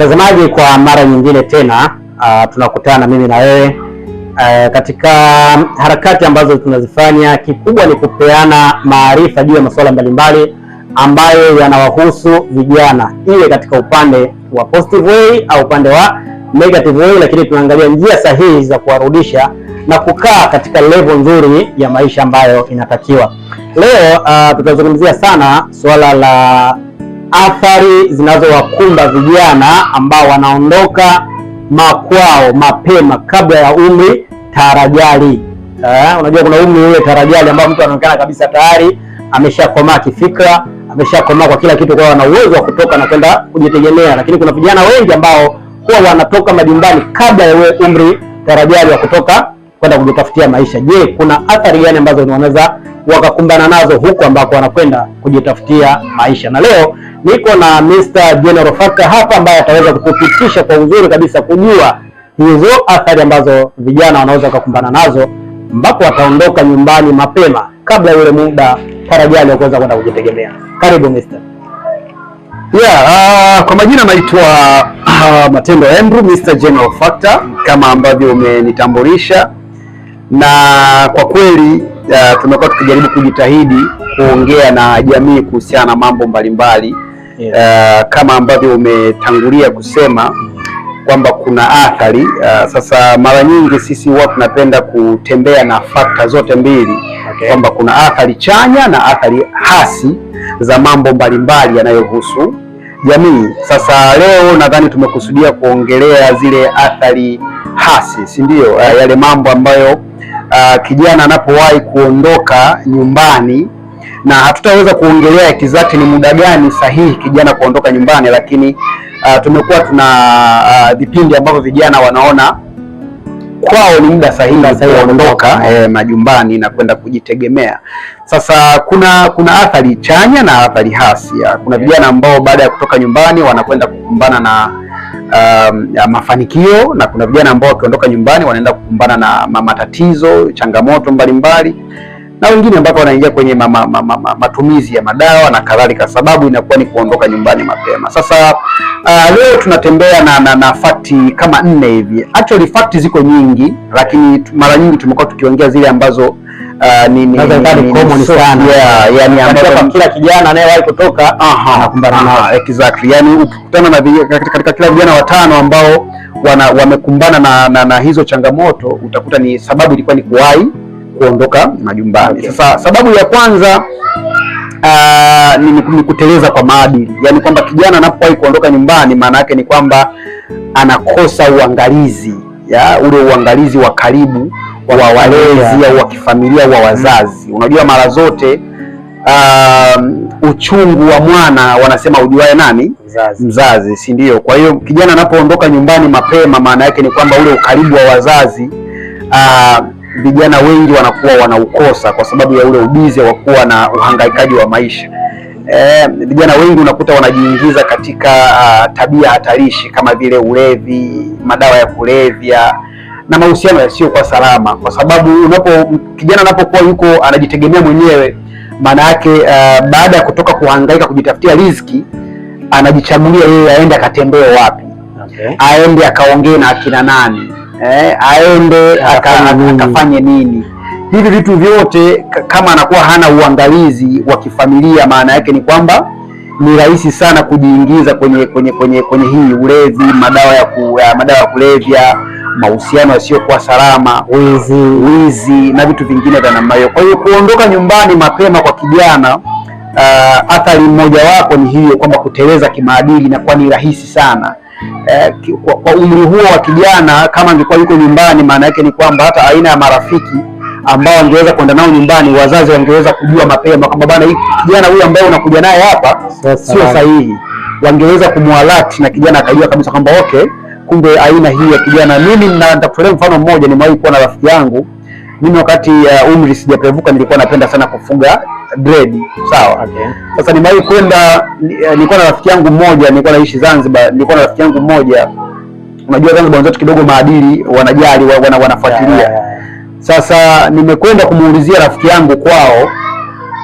Mtazamaji, kwa mara nyingine tena uh, tunakutana mimi na wewe uh, katika harakati ambazo tunazifanya, kikubwa ni kupeana maarifa juu ya masuala mbalimbali ambayo yanawahusu vijana, iwe katika upande wa positive way au upande wa negative way, lakini tunaangalia njia sahihi za kuwarudisha na kukaa katika level nzuri ya maisha ambayo inatakiwa. Leo uh, tutazungumzia sana suala la athari zinazowakumba vijana ambao wanaondoka makwao mapema kabla ya umri tarajali. Uh, unajua kuna umri ule tarajali ambao mtu anaonekana kabisa tayari ameshakomaa kifikra, ameshakomaa kwa kila kitu, kwa ana uwezo wa kutoka na kwenda kujitegemea, lakini kuna vijana wengi ambao huwa wanatoka majumbani kabla ya ule umri tarajali wa kutoka kwenda kujitafutia maisha. Je, kuna athari gani ambazo wanaweza wakakumbana nazo huko ambako wanakwenda kujitafutia maisha? Na leo niko na Mr. General Fakka hapa ambaye ataweza kukupitisha kwa uzuri kabisa kujua hizo athari ambazo vijana wanaweza wakakumbana nazo ambapo wataondoka nyumbani mapema kabla yule muda tarajali wa kuweza kwenda kujitegemea. Karibu Mr. Yeah, uh, kwa majina naitwa uh, Matendo Andrew, Mr. General Factor kama ambavyo umenitambulisha, na kwa kweli uh, tumekuwa tukijaribu kujitahidi kuongea na jamii kuhusiana na mambo mbalimbali mbali yeah. Uh, kama ambavyo umetangulia kusema kwamba kuna athari uh, sasa mara nyingi sisi huwa tunapenda kutembea na fakta zote mbili okay. Kwamba kuna athari chanya na athari hasi za mambo mbalimbali yanayohusu jamii. Sasa leo nadhani tumekusudia kuongelea zile athari hasi, si ndio? Uh, yale mambo ambayo uh, kijana anapowahi kuondoka nyumbani na hatutaweza kuongelea exact ni muda gani sahihi kijana kuondoka nyumbani, lakini uh, tumekuwa tuna uh, vipindi ambavyo vijana wanaona kwao ni muda sahihi kuondoka eh. eh, majumbani na kwenda kujitegemea. Sasa kuna kuna athari chanya na athari hasi. Kuna vijana ambao baada ya kutoka nyumbani wanakwenda kukumbana na um, mafanikio na kuna vijana ambao wakiondoka nyumbani wanaenda kukumbana na matatizo, changamoto mbalimbali mbali na wengine ambao wanaingia kwenye ma, ma, ma, matumizi ya madawa na kadhalika, sababu inakuwa ni kuondoka nyumbani mapema. Sasa uh, leo tunatembea na, na, na fakti kama nne hivi. Actually fakti ziko nyingi, lakini mara nyingi tumekuwa tukiongea zile ambazo kila kijana anayewahi kutoka anakumbana na exactly, yani ukikutana na katika kila vijana watano ambao wamekumbana na, na, na hizo changamoto utakuta ni sababu ilikuwa ni kuwahi kuondoka majumbani okay. Sasa sababu ya kwanza Uh, ni kuteleza kwa maadili, yaani kwamba kijana anapowahi kuondoka nyumbani, maana yake ni kwamba anakosa uangalizi ya ule uangalizi wa karibu wa walezi au wa kifamilia wa wazazi Hmm. Unajua, mara zote um, uchungu wa mwana wanasema ujuae nani mzazi, mzazi si ndio? Kwa hiyo kijana anapoondoka nyumbani mapema, maana yake ni kwamba ule ukaribu wa wazazi uh, vijana wengi wanakuwa wanaukosa kwa sababu ya ule ubizi wa kuwa na uhangaikaji wa maisha. E, vijana wengi unakuta wanajiingiza katika uh, tabia hatarishi kama vile ulevi, madawa ya kulevya na mahusiano yasiyokuwa salama, kwa sababu unapo kijana anapokuwa yuko anajitegemea mwenyewe, maana yake uh, baada ya kutoka kuhangaika kujitafutia riziki, anajichagulia yeye aende akatembee wapi, okay. aende akaongee na akina nani eh, aende akafanye nini. Hivi vitu vyote kama anakuwa hana uangalizi wa kifamilia, maana yake ni kwamba ni rahisi sana kujiingiza kwenye kwenye kwenye kwenye hii ulevi, madawa ya ku, madawa ya kulevya, mahusiano yasiyokuwa salama, wizi wizi na vitu vingine vya namna hiyo. Kwa hiyo kuondoka nyumbani mapema kwa kijana uh, athari mmoja wapo ni hiyo kwamba kuteleza kimaadili na kwa ni rahisi sana eh, kwa, kwa umri huo wa kijana kama angekuwa yuko nyumbani, maana yake ni kwamba hata aina ya marafiki ambao angeweza kwenda nao nyumbani, wazazi wangeweza kujua mapema kwamba bana, kijana huyu ambaye unakuja naye hapa sio sahihi. Wangeweza kumwalati na kijana akajua kabisa kwamba okay, kumbe aina hii ya kijana. Mimi nitakutolea mfano mmoja, nimewahi kuwa na rafiki yangu mimi wakati uh, umri sijapevuka, nilikuwa napenda sana kufuga grade sawa. Okay. Sasa nimewahi kwenda, eh, nilikuwa na rafiki yangu mmoja, nilikuwa naishi Zanzibar, nilikuwa na rafiki yangu mmoja. Unajua Zanzibar wenzetu kidogo maadili wanajali, wana, wanafuatilia yeah, yeah, yeah. Sasa nimekwenda kumuulizia rafiki yangu kwao,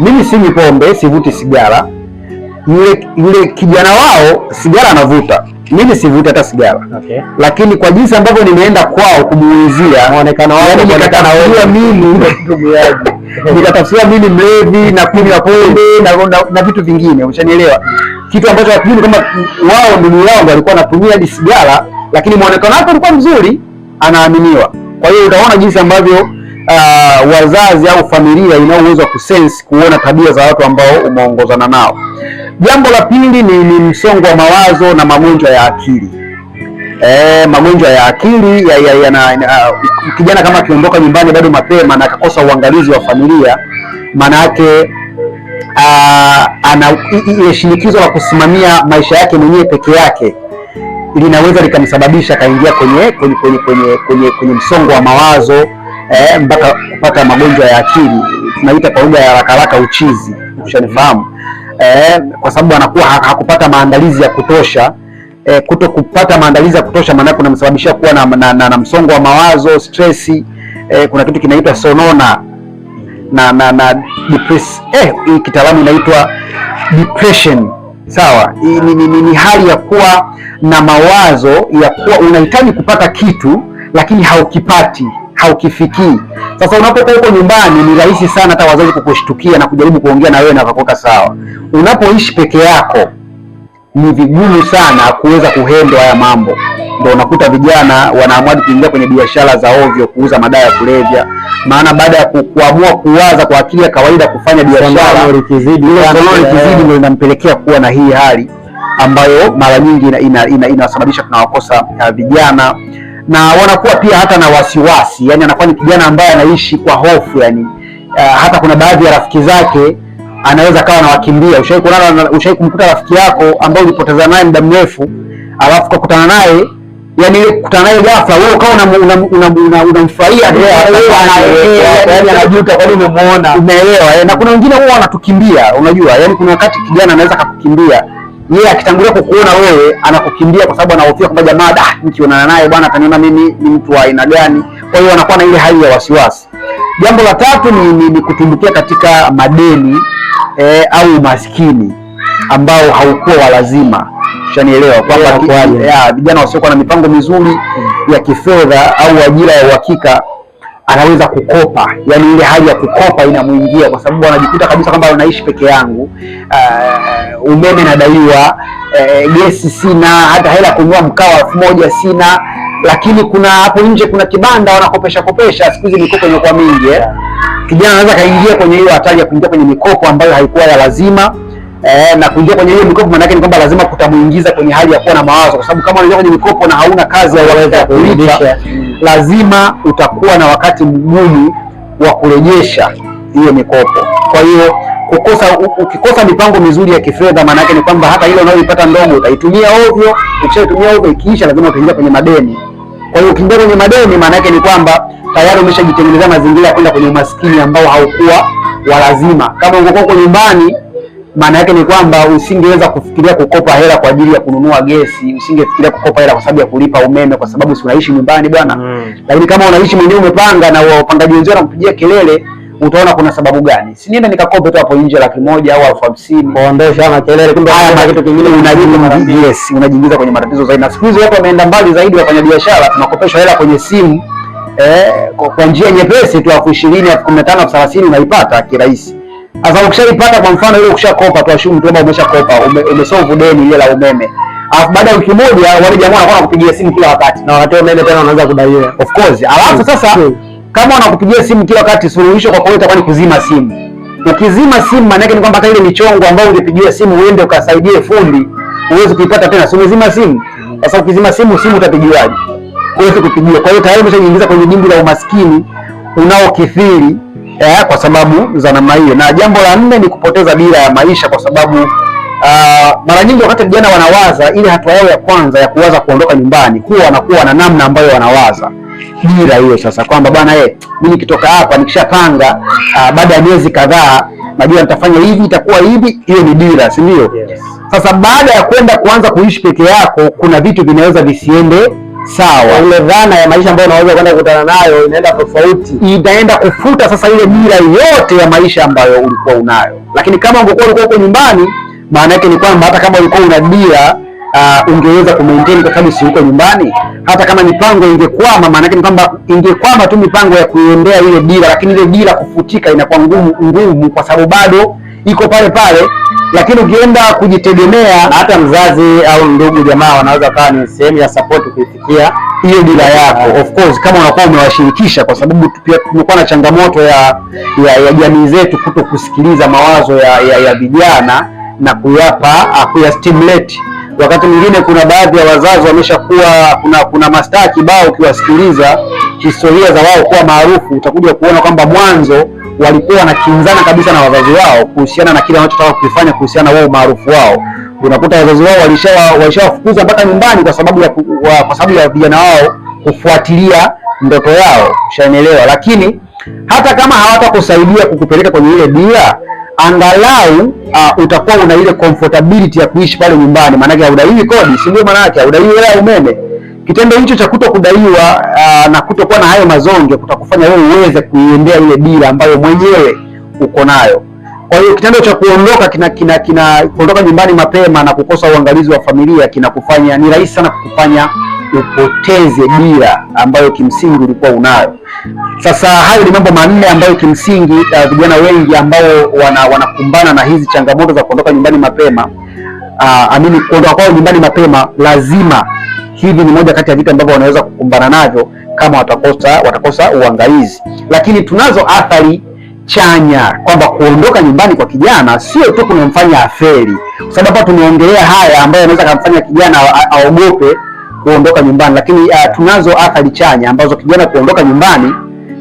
mimi sinywi pombe, sivuti sigara. Yule yule kijana wao sigara anavuta mimi sivuti hata sigara okay. Lakini kwa jinsi ambavyo nimeenda kwao kumuulizia muonekano wao, yaani mimi nikatafsiria mimi mlevi na kunywa pombe na, na, na vitu vingine, ushanielewa, kitu ambacho hatujui kama wao ndugu yangu alikuwa anatumia hadi sigara, lakini muonekano wake ulikuwa mzuri, anaaminiwa. Kwa hiyo utaona jinsi ambavyo Uh, wazazi au familia ina uwezo wa kusense kuona tabia za watu ambao umeongozana nao. Jambo la pili ni, ni msongo wa mawazo na magonjwa ya akili eh, magonjwa ya akili ya, ya, ya na, kijana kama akiondoka nyumbani bado mapema na akakosa uangalizi wa familia, maana yake ana ile shinikizo la kusimamia maisha yake mwenyewe peke yake linaweza likamsababisha akaingia kwenye, kwenye, kwenye, kwenye, kwenye, kwenye msongo wa mawazo eh, mpaka kupata magonjwa ya akili tunaita kwa lugha ya haraka haraka uchizi, ushanifahamu eh, kwa sababu anakuwa hakupata maandalizi ya kutosha eh, kuto kupata maandalizi ya kutosha, maana kunamsababishia kuwa na, na, na, na msongo wa mawazo stress. eh, kuna kitu kinaitwa sonona na na, na depress eh, hii kitaalamu inaitwa depression. Sawa, ni, ni, ni, ni hali ya kuwa na mawazo ya kuwa unahitaji kupata kitu lakini haukipati haukifikii. Sasa unapokuwa huko nyumbani, ni rahisi sana hata wazazi kukushtukia na kujaribu kuongea na wewe na kakoka sawa. Unapoishi peke yako ni vigumu sana kuweza kuhendwa haya mambo, ndio unakuta vijana wanaamua kuingia kwenye biashara za ovyo, kuuza madawa ya kulevya. Maana baada ya kuamua kuwaza kwa akili ya kawaida kufanya biashara, likizidi ndio linampelekea kuwa na hii hali ambayo mara nyingi inasababisha ina, ina, ina tunawakosa uh, vijana na wanakuwa pia hata na wasiwasi, yani anakuwa ni kijana ambaye anaishi kwa hofu yani. Uh, hata kuna baadhi ya rafiki zake anaweza kawa anawakimbia. Ushawahi kuonana, ushawahi kumkuta rafiki yako ambaye ulipoteza naye muda mrefu, alafu kukutana naye yani ile kukutana naye ghafla, wewe ukawa unamfurahia yani, anajuta kwani umemuona, umeelewa. Eh, na kuna wengine huwa wanatukimbia, unajua yani, kuna wakati kijana anaweza kukukimbia yeye akitangulia kukuona wewe anakukimbia, kwa sababu anahofia kwamba jamaa, da, ah, nikionana naye bwana ataniona mimi ni mtu wa aina gani. Kwa hiyo anakuwa na ile hali ya wasiwasi. Jambo la tatu ni, ni, ni kutumbukia katika madeni eh, au umaskini ambao haukuwa wa lazima. Ushanielewa kwamba vijana wasiokuwa na mipango mizuri hmm. ya kifedha au ajira ya uhakika anaweza kukopa, yani ile hali ya kukopa inamuingia kwa sababu anajikuta kabisa kwamba anaishi peke yangu, uh, umeme nadaiwa, eh, gesi sina, hata hela kunywa mkaa elfu moja sina lakini kuna hapo nje kuna kibanda wanakopesha kopesha. Siku hizi mikopo imekuwa mingi eh, kijana anaweza kaingia kwenye hiyo hatari ya kuingia kwenye mikopo ambayo haikuwa ya lazima eh, na kuingia kwenye hiyo mikopo maana yake ni kwamba lazima kutamuingiza kwenye hali ya kuwa na mawazo, kwa sababu kama unaingia kwenye mikopo na hauna kazi au unaweza kulipa, lazima utakuwa na wakati mgumu wa kurejesha hiyo mikopo. Kwa hiyo kukosa ukikosa mipango mizuri ya kifedha, maana yake ni kwamba hata ile unayoipata ndogo utaitumia ovyo. Ukishaitumia ovyo, ikiisha lazima utaingia kwenye madeni. Kwa hiyo ukiingia kwenye madeni, maana yake ni kwamba tayari umeshajitengenezea mazingira ya kwenda kwenye umaskini ambao haukuwa wa lazima. Kama ungekuwa uko nyumbani, maana yake ni kwamba usingeweza kufikiria kukopa hela kwa ajili ya kununua gesi, usingefikiria kukopa hela kwa sababu ya kulipa umeme, kwa sababu si unaishi nyumbani bwana. Mm. Lakini kama unaishi mwenyewe umepanga na wapangaji wenzao wanakupigia kelele utaona kuna sababu gani, si niende nikakope tu hapo nje laki moja au elfu hamsini kuondosha kelele, kumbe haya kitu kingine unajiingiza, yes, unajiingiza kwenye matatizo zaidi. Na siku hizi watu wameenda mbali zaidi, wafanya biashara tunakopeshwa hela kwenye simu eh, kwa njia nyepesi tu, elfu ishirini elfu kumi na tano elfu thelathini unaipata kirahisi. Sasa ukishaipata, kwa mfano ile ukishakopa tu, ashumu tu umeshakopa, umesolve deni ile la umeme Alafu baada ya wiki moja wale jamaa wanakuwa wanakupigia simu kila wakati na wakati umeme tena wanaanza kudaiwa. Of course. Alafu sasa kama wanakupigia simu kila wakati, suluhisho kwa kweli itakuwa ni kuzima simu. Ukizima simu, maana yake ni kwamba hata ile michongo ambayo ungepigiwa simu uende ukasaidie fundi, uweze kuipata tena. Si umezima simu? Sasa ukizima simu, simu utapigiwaje? Uweze kupigiwa. Kwa hiyo tayari umeshajiingiza kwenye dimbi la umaskini unaokithiri eh, kwa sababu za namna hiyo. Na jambo la nne ni kupoteza dira ya maisha, kwa sababu uh, mara nyingi wakati vijana wanawaza ile hatua yao ya kwanza ya kuwaza kuondoka nyumbani, huwa wanakuwa na namna ambayo wanawaza dira hiyo sasa, kwamba bwana eh, mimi nikitoka hapa nikishapanga, uh, baada ya miezi kadhaa najua nitafanya hivi, itakuwa hivi. Hiyo ni dira, si ndio? Yes. Sasa baada ya kwenda kuanza kuishi peke yako, kuna vitu vinaweza visiende sawa. Ile dhana ya maisha ambayo unaweza kwenda kukutana nayo inaenda tofauti, itaenda kufuta sasa ile dira yote ya maisha ambayo ulikuwa unayo. Lakini kama ungekuwa ulikuwa huko nyumbani, maana yake ni kwamba hata kama ulikuwa una dira uh, ungeweza kumaintain kwa sababu si uko nyumbani hata kama mipango ingekwama, maana yake kwamba ingekwama tu mipango ya kuiendea ile dira, lakini ile dira kufutika inakuwa ngumu ngumu, kwa sababu bado iko pale pale. Lakini ukienda kujitegemea, hata mzazi au ndugu jamaa wanaweza kawa ni sehemu ya support kuifikia hiyo dira yako, of course kama unakuwa umewashirikisha, kwa sababu pia tumekuwa na changamoto ya ya, ya jamii zetu kuto kusikiliza mawazo ya, ya, ya vijana na kuyapa stimulate Wakati mwingine kuna baadhi ya wazazi wameshakuwa, kuna kuna mastaa kibao, ukiwasikiliza historia za wao kuwa maarufu, utakuja kuona kwamba mwanzo walikuwa wanakinzana kabisa na wazazi wao kuhusiana na kile wanachotaka kukifanya kuhusiana wao umaarufu wao. Unakuta wazazi wao walishawafukuza mpaka nyumbani kwa sababu ya kwa sababu ya vijana wao kufuatilia ndoto yao, ushanielewa. Lakini hata kama hawatakusaidia kukupeleka kwenye ile dira angalau uh, utakuwa una ile comfortability ya kuishi pale nyumbani, maanake haudaiwi kodi, si ndio? Maanake haudaiwi hela ya umeme. Kitendo hicho cha kutokudaiwa uh, na kutokuwa na hayo mazonge kutakufanya wewe uweze kuiendea ile dira ambayo mwenyewe uko nayo. Kwa hiyo kitendo cha kuondoka kina, kina, kina kuondoka nyumbani mapema na kukosa uangalizi wa familia kinakufanya ni rahisi sana kukufanya upoteze dira ambayo kimsingi ulikuwa unayo. Sasa hayo ni mambo manne ambayo kimsingi uh, vijana uh, wengi ambao wana, wanakumbana na hizi changamoto za kuondoka nyumbani mapema uh, amini kuondoka kwao nyumbani mapema lazima hivi ni moja kati ya vitu ambavyo wanaweza kukumbana navyo kama watakosa watakosa uangalizi. Lakini tunazo athari chanya kwamba kuondoka nyumbani kwa kijana sio tu kunamfanya aferi, kwa sababu tumeongelea haya ambayo anaweza kumfanya kijana aogope kuondoka nyumbani, lakini uh, tunazo athari chanya ambazo kijana kuondoka nyumbani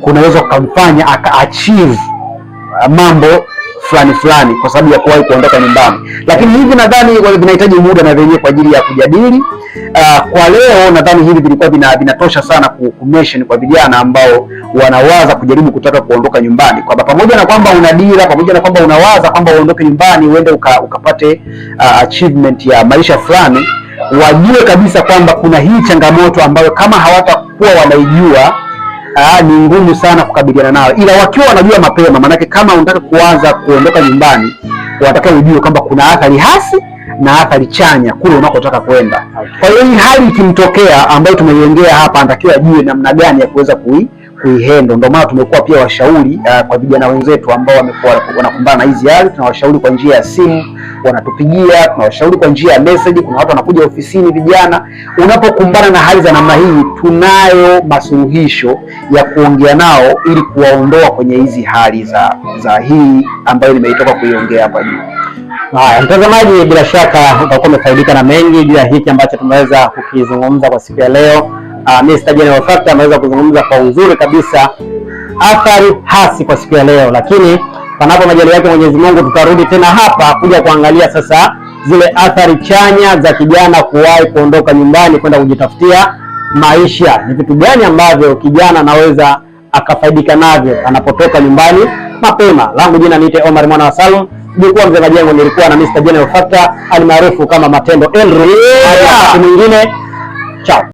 kunaweza kumfanya aka achieve uh, mambo fulani fulani kwa sababu ya kuwahi kuondoka nyumbani, lakini hivi nadhani vinahitaji muda na vyenyewe kwa ajili ya kujadili. Uh, kwa leo nadhani hivi vilikuwa vinatosha sana kumention kwa vijana ambao wanawaza kujaribu kutaka kuondoka nyumbani, kwamba pamoja na kwamba una dira, pamoja na kwamba unawaza kwamba uondoke nyumbani uende uka, ukapate uh, achievement ya maisha fulani wajue kabisa kwamba kuna hii changamoto ambayo kama hawatakuwa wanaijua ah, ni ngumu sana kukabiliana nayo, ila wakiwa wanajua mapema. Maanake kama unataka kuanza kuondoka nyumbani, wataka ujue kwamba kuna athari hasi na athari chanya kule unakotaka kwenda. Kwa hiyo hii hali ikimtokea ambayo tumeiongea hapa, anatakiwa ajue namna gani ya kuweza kui kuihandle. Ndio maana tumekuwa pia washauri uh, kwa vijana wenzetu ambao wamekuwa wanakumbana na hizi hali, tunawashauri kwa njia ya simu, wanatupigia, tunawashauri kwa njia ya message. Kuna watu wanakuja ofisini vijana. Unapokumbana na hali za namna hii, tunayo masuluhisho ya kuongea nao ili kuwaondoa kwenye hizi hali za za hii ambayo nimeitoka kuiongea hapa juu. Haya, mtazamaji, bila shaka utakuwa umefaidika na mengi juu ya hiki ambacho tumeweza kukizungumza kwa siku ya leo. Ah, Mr. General Factor ameweza kuzungumza kwa uzuri kabisa athari hasi kwa siku ya leo, lakini panapo majali yake Mwenyezi Mungu tutarudi tena hapa kuja kuangalia sasa zile athari chanya za kijana kuwahi kuondoka nyumbani kwenda kujitafutia maisha. Ni vitu gani ambavyo kijana anaweza akafaidika navyo anapotoka nyumbani mapema. Langu jina niite Omar Mwana wa Salum, nilikuwa mzee majengo, nilikuwa na Mr. General Factor almaarufu kama Matendo Andrew. Hadi wakati mwingine, chao.